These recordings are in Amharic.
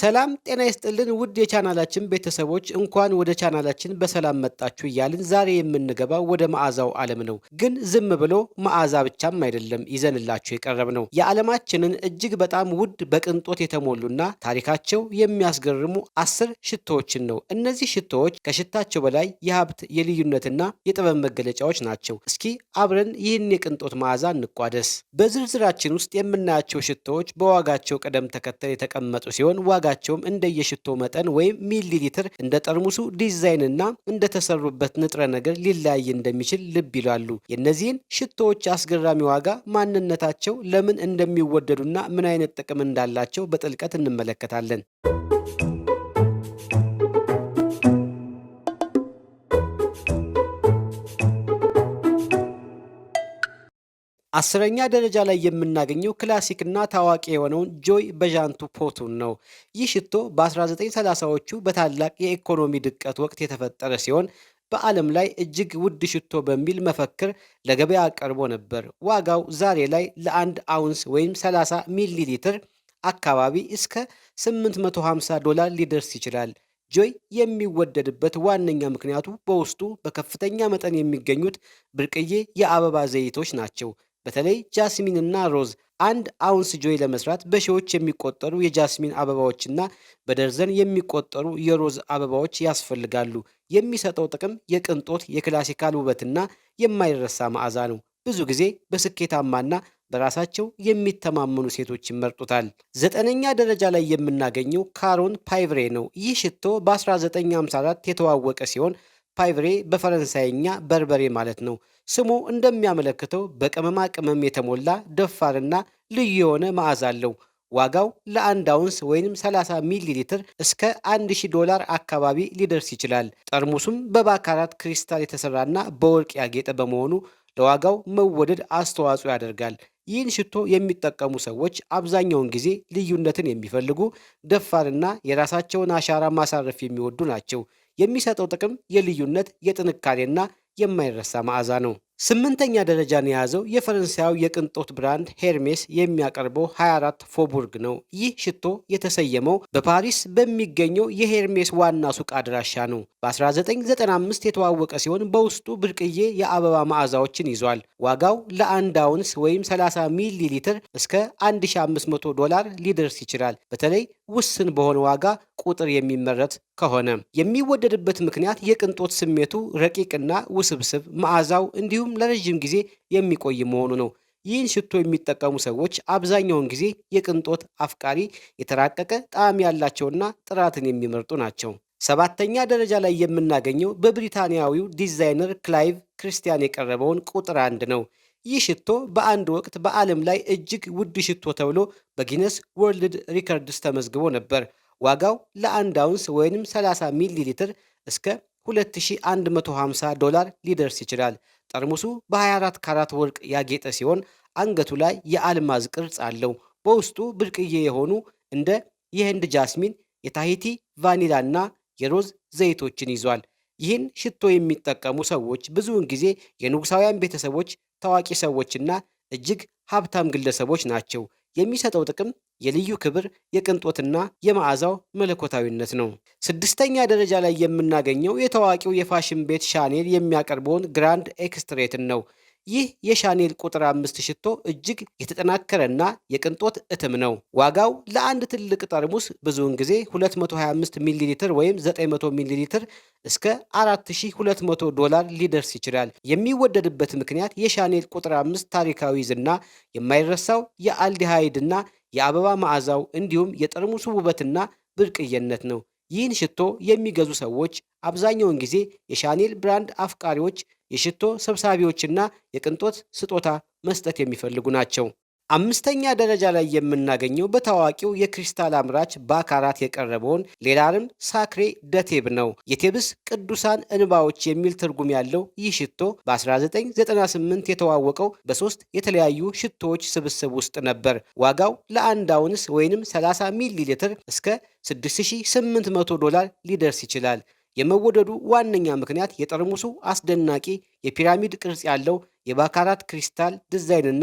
ሰላም ጤና ይስጥልን ውድ የቻናላችን ቤተሰቦች እንኳን ወደ ቻናላችን በሰላም መጣችሁ እያልን ዛሬ የምንገባው ወደ መዓዛው ዓለም ነው። ግን ዝም ብሎ መዓዛ ብቻም አይደለም ይዘንላችሁ የቀረብ ነው። የዓለማችንን እጅግ በጣም ውድ በቅንጦት የተሞሉና ታሪካቸው የሚያስገርሙ አስር ሽቶዎችን ነው። እነዚህ ሽቶዎች ከሽታቸው በላይ የሀብት የልዩነትና የጥበብ መገለጫዎች ናቸው። እስኪ አብረን ይህን የቅንጦት መዓዛ እንቋደስ። በዝርዝራችን ውስጥ የምናያቸው ሽቶዎች በዋጋቸው ቅደም ተከተል የተቀመጡ ሲሆን ዋጋ ዋጋቸውም እንደየሽቶ መጠን ወይም ሚሊ ሊትር እንደ ጠርሙሱ ዲዛይንና እንደተሰሩበት ንጥረ ነገር ሊለያይ እንደሚችል ልብ ይላሉ። የእነዚህን ሽቶዎች አስገራሚ ዋጋ፣ ማንነታቸው፣ ለምን እንደሚወደዱና ምን አይነት ጥቅም እንዳላቸው በጥልቀት እንመለከታለን። አስረኛ ደረጃ ላይ የምናገኘው ክላሲክና ታዋቂ የሆነውን ጆይ በዣንቱ ፖቱን ነው። ይህ ሽቶ በ1930ዎቹ በታላቅ የኢኮኖሚ ድቀት ወቅት የተፈጠረ ሲሆን በዓለም ላይ እጅግ ውድ ሽቶ በሚል መፈክር ለገበያ ቀርቦ ነበር። ዋጋው ዛሬ ላይ ለአንድ አውንስ ወይም 30 ሚሊ ሊትር አካባቢ እስከ 850 ዶላር ሊደርስ ይችላል። ጆይ የሚወደድበት ዋነኛ ምክንያቱ በውስጡ በከፍተኛ መጠን የሚገኙት ብርቅዬ የአበባ ዘይቶች ናቸው። በተለይ ጃስሚን እና ሮዝ አንድ አውንስ ጆይ ለመስራት በሺዎች የሚቆጠሩ የጃስሚን አበባዎችና በደርዘን የሚቆጠሩ የሮዝ አበባዎች ያስፈልጋሉ። የሚሰጠው ጥቅም የቅንጦት የክላሲካል ውበትና የማይረሳ መዓዛ ነው። ብዙ ጊዜ በስኬታማና በራሳቸው የሚተማመኑ ሴቶች ይመርጡታል። ዘጠነኛ ደረጃ ላይ የምናገኘው ካሮን ፓይቭሬ ነው። ይህ ሽቶ በ1954 የተዋወቀ ሲሆን ፓይቭሬ በፈረንሳይኛ በርበሬ ማለት ነው። ስሙ እንደሚያመለክተው በቅመማ ቅመም የተሞላ ደፋርና ልዩ የሆነ መዓዛ አለው። ዋጋው ለአንድ አውንስ ወይም 30 ሚሊ ሊትር እስከ 1000 ዶላር አካባቢ ሊደርስ ይችላል። ጠርሙሱም በባካራት ክሪስታል የተሰራና በወርቅ ያጌጠ በመሆኑ ለዋጋው መወደድ አስተዋጽኦ ያደርጋል። ይህን ሽቶ የሚጠቀሙ ሰዎች አብዛኛውን ጊዜ ልዩነትን የሚፈልጉ ደፋርና የራሳቸውን አሻራ ማሳረፍ የሚወዱ ናቸው። የሚሰጠው ጥቅም የልዩነት የጥንካሬና የማይረሳ መዓዛ ነው። ስምንተኛ ደረጃን የያዘው የፈረንሳያዊ የቅንጦት ብራንድ ሄርሜስ የሚያቀርበው 24 ፎቡርግ ነው። ይህ ሽቶ የተሰየመው በፓሪስ በሚገኘው የሄርሜስ ዋና ሱቅ አድራሻ ነው። በ1995 የተዋወቀ ሲሆን በውስጡ ብርቅዬ የአበባ መዓዛዎችን ይዟል። ዋጋው ለአንድ አውንስ ወይም 30 ሚሊ ሊትር እስከ 1500 ዶላር ሊደርስ ይችላል። በተለይ ውስን በሆነ ዋጋ ቁጥር የሚመረት ከሆነ የሚወደድበት ምክንያት የቅንጦት ስሜቱ ረቂቅና ውስብስብ መዓዛው፣ እንዲሁም ለረዥም ጊዜ የሚቆይ መሆኑ ነው። ይህን ሽቶ የሚጠቀሙ ሰዎች አብዛኛውን ጊዜ የቅንጦት አፍቃሪ፣ የተራቀቀ ጣዕም ያላቸውና ጥራትን የሚመርጡ ናቸው። ሰባተኛ ደረጃ ላይ የምናገኘው በብሪታንያዊው ዲዛይነር ክላይቭ ክርስቲያን የቀረበውን ቁጥር አንድ ነው። ይህ ሽቶ በአንድ ወቅት በዓለም ላይ እጅግ ውድ ሽቶ ተብሎ በጊነስ ወርልድ ሪከርድስ ተመዝግቦ ነበር። ዋጋው ለአንድ አውንስ ወይም 30 ሚሊ ሊትር እስከ 2150 ዶላር ሊደርስ ይችላል። ጠርሙሱ በ24 ካራት ወርቅ ያጌጠ ሲሆን አንገቱ ላይ የአልማዝ ቅርጽ አለው። በውስጡ ብርቅዬ የሆኑ እንደ የህንድ ጃስሚን፣ የታሂቲ ቫኒላ እና የሮዝ ዘይቶችን ይዟል። ይህን ሽቶ የሚጠቀሙ ሰዎች ብዙውን ጊዜ የንጉሳውያን ቤተሰቦች፣ ታዋቂ ሰዎችና እጅግ ሀብታም ግለሰቦች ናቸው። የሚሰጠው ጥቅም የልዩ ክብር፣ የቅንጦትና የመዓዛው መለኮታዊነት ነው። ስድስተኛ ደረጃ ላይ የምናገኘው የታዋቂው የፋሽን ቤት ሻኔል የሚያቀርበውን ግራንድ ኤክስትሬትን ነው። ይህ የሻኔል ቁጥር አምስት ሽቶ እጅግ የተጠናከረና የቅንጦት እትም ነው። ዋጋው ለአንድ ትልቅ ጠርሙስ ብዙውን ጊዜ 225 ሚሊ ሊትር ወይም 900 ሚሊ ሊትር እስከ 4200 ዶላር ሊደርስ ይችላል። የሚወደድበት ምክንያት የሻኔል ቁጥር አምስት ታሪካዊ ዝና፣ የማይረሳው የአልዲሃይድና የአበባ መዓዛው እንዲሁም የጠርሙሱ ውበትና ብርቅዬነት ነው። ይህን ሽቶ የሚገዙ ሰዎች አብዛኛውን ጊዜ የሻኔል ብራንድ አፍቃሪዎች፣ የሽቶ ሰብሳቢዎችና የቅንጦት ስጦታ መስጠት የሚፈልጉ ናቸው። አምስተኛ ደረጃ ላይ የምናገኘው በታዋቂው የክሪስታል አምራች ባካራት የቀረበውን ሌላርም ሳክሬ ደቴብ ነው። የቴብስ ቅዱሳን እንባዎች የሚል ትርጉም ያለው ይህ ሽቶ በ1998 የተዋወቀው በሶስት የተለያዩ ሽቶዎች ስብስብ ውስጥ ነበር። ዋጋው ለአንድ አውንስ ወይንም 30 ሚሊ ሊትር እስከ 6800 ዶላር ሊደርስ ይችላል። የመወደዱ ዋነኛ ምክንያት የጠርሙሱ አስደናቂ የፒራሚድ ቅርጽ ያለው የባካራት ክሪስታል ዲዛይንና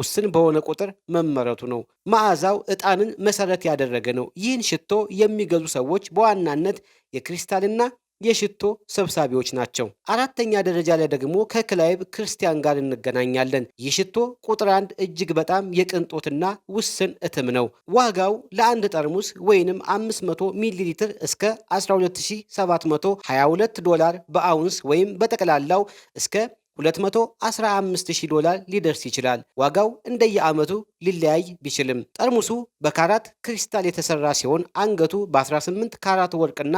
ውስን በሆነ ቁጥር መመረቱ ነው። መዓዛው ዕጣንን መሰረት ያደረገ ነው። ይህን ሽቶ የሚገዙ ሰዎች በዋናነት የክሪስታልና የሽቶ ሰብሳቢዎች ናቸው። አራተኛ ደረጃ ላይ ደግሞ ከክላይብ ክርስቲያን ጋር እንገናኛለን። ይህ ሽቶ ቁጥር አንድ እጅግ በጣም የቅንጦትና ውስን እትም ነው። ዋጋው ለአንድ ጠርሙስ ወይንም 500 ሚሊ ሊትር እስከ 12722 ዶላር በአውንስ ወይም በጠቅላላው እስከ 215000 ዶላር ሊደርስ ይችላል። ዋጋው እንደየዓመቱ ሊለያይ ቢችልም ጠርሙሱ በካራት ክሪስታል የተሰራ ሲሆን አንገቱ በ18 ካራት ወርቅና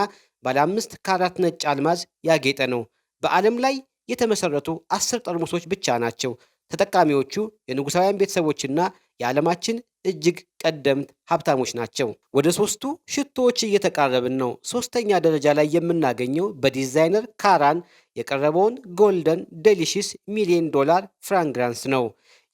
5 ካራት ነጭ አልማዝ ያጌጠ ነው። በዓለም ላይ የተመሰረቱ አስር ጠርሙሶች ብቻ ናቸው። ተጠቃሚዎቹ የንጉሳውያን ቤተሰቦችና የዓለማችን እጅግ ቀደምት ሀብታሞች ናቸው። ወደ ሶስቱ ሽቶዎች እየተቃረብን ነው። ሶስተኛ ደረጃ ላይ የምናገኘው በዲዛይነር ካራን የቀረበውን ጎልደን ዴሊሽስ ሚሊዮን ዶላር ፍራንግራንስ ነው።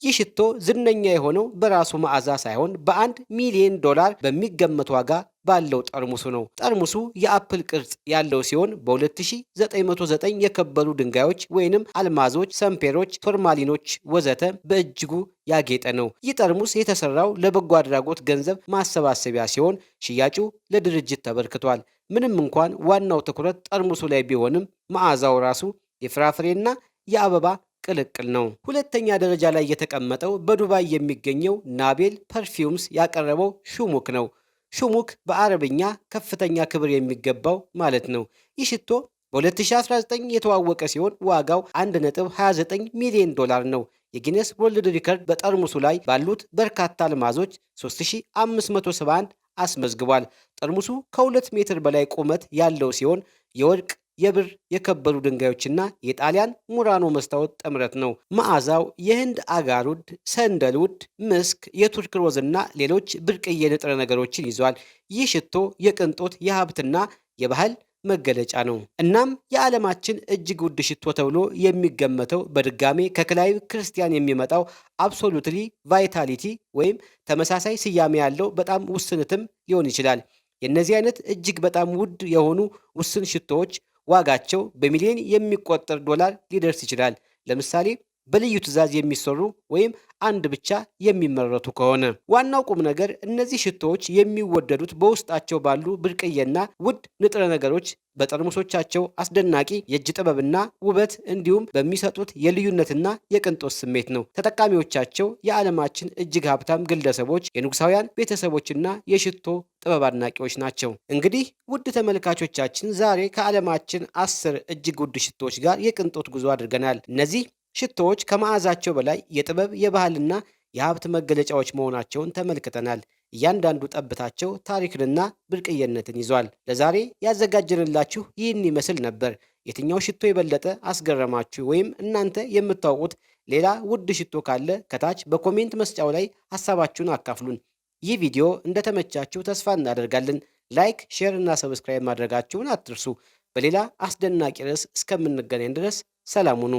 ይህ ሽቶ ዝነኛ የሆነው በራሱ መዓዛ ሳይሆን በአንድ ሚሊዮን ዶላር በሚገመት ዋጋ ባለው ጠርሙሱ ነው። ጠርሙሱ የአፕል ቅርጽ ያለው ሲሆን በ2909 የከበሩ ድንጋዮች ወይንም አልማዞች፣ ሰምፔሮች፣ ቶርማሊኖች ወዘተ በእጅጉ ያጌጠ ነው። ይህ ጠርሙስ የተሰራው ለበጎ አድራጎት ገንዘብ ማሰባሰቢያ ሲሆን ሽያጩ ለድርጅት ተበርክቷል። ምንም እንኳን ዋናው ትኩረት ጠርሙሱ ላይ ቢሆንም መዓዛው ራሱ የፍራፍሬና የአበባ ቅልቅል ነው። ሁለተኛ ደረጃ ላይ የተቀመጠው በዱባይ የሚገኘው ናቤል ፐርፊውምስ ያቀረበው ሹሙክ ነው። ሹሙክ በአረብኛ ከፍተኛ ክብር የሚገባው ማለት ነው። ይህ ሽቶ በ2019 የተዋወቀ ሲሆን ዋጋው 1.29 ሚሊዮን ዶላር ነው። የጊነስ ወርልድ ሪከርድ በጠርሙሱ ላይ ባሉት በርካታ አልማዞች 3571 አስመዝግቧል። ጠርሙሱ ከ2 ሜትር በላይ ቁመት ያለው ሲሆን የወርቅ የብር የከበሩ ድንጋዮችና የጣሊያን ሙራኖ መስታወት ጥምረት ነው። መዓዛው የህንድ አጋሩድ፣ ሰንደልውድ፣ ምስክ፣ የቱርክ ሮዝ እና ሌሎች ብርቅዬ ንጥረ ነገሮችን ይዟል። ይህ ሽቶ የቅንጦት የሀብትና የባህል መገለጫ ነው። እናም የዓለማችን እጅግ ውድ ሽቶ ተብሎ የሚገመተው በድጋሜ ከክላይቭ ክርስቲያን የሚመጣው አብሶሉትሊ ቫይታሊቲ ወይም ተመሳሳይ ስያሜ ያለው በጣም ውስንትም ሊሆን ይችላል። የእነዚህ አይነት እጅግ በጣም ውድ የሆኑ ውስን ሽቶዎች ዋጋቸው በሚሊዮን የሚቆጠር ዶላር ሊደርስ ይችላል። ለምሳሌ በልዩ ትዕዛዝ የሚሰሩ ወይም አንድ ብቻ የሚመረቱ ከሆነ። ዋናው ቁም ነገር እነዚህ ሽቶዎች የሚወደዱት በውስጣቸው ባሉ ብርቅዬና ውድ ንጥረ ነገሮች፣ በጠርሙሶቻቸው አስደናቂ የእጅ ጥበብና ውበት እንዲሁም በሚሰጡት የልዩነትና የቅንጦት ስሜት ነው። ተጠቃሚዎቻቸው የዓለማችን እጅግ ሀብታም ግለሰቦች፣ የንጉሳውያን ቤተሰቦችና የሽቶ ጥበብ አድናቂዎች ናቸው። እንግዲህ ውድ ተመልካቾቻችን ዛሬ ከዓለማችን አስር እጅግ ውድ ሽቶዎች ጋር የቅንጦት ጉዞ አድርገናል። እነዚህ ሽቶዎች ከመዓዛቸው በላይ የጥበብ የባህልና የሀብት መገለጫዎች መሆናቸውን ተመልክተናል። እያንዳንዱ ጠብታቸው ታሪክንና ብርቅየነትን ይዟል። ለዛሬ ያዘጋጀንላችሁ ይህን ይመስል ነበር። የትኛው ሽቶ የበለጠ አስገረማችሁ? ወይም እናንተ የምታውቁት ሌላ ውድ ሽቶ ካለ ከታች በኮሜንት መስጫው ላይ ሀሳባችሁን አካፍሉን። ይህ ቪዲዮ እንደተመቻችሁ ተስፋ እናደርጋለን። ላይክ፣ ሼር እና ሰብስክራይብ ማድረጋችሁን አትርሱ። በሌላ አስደናቂ ርዕስ እስከምንገናኝ ድረስ ሰላም ሁኑ።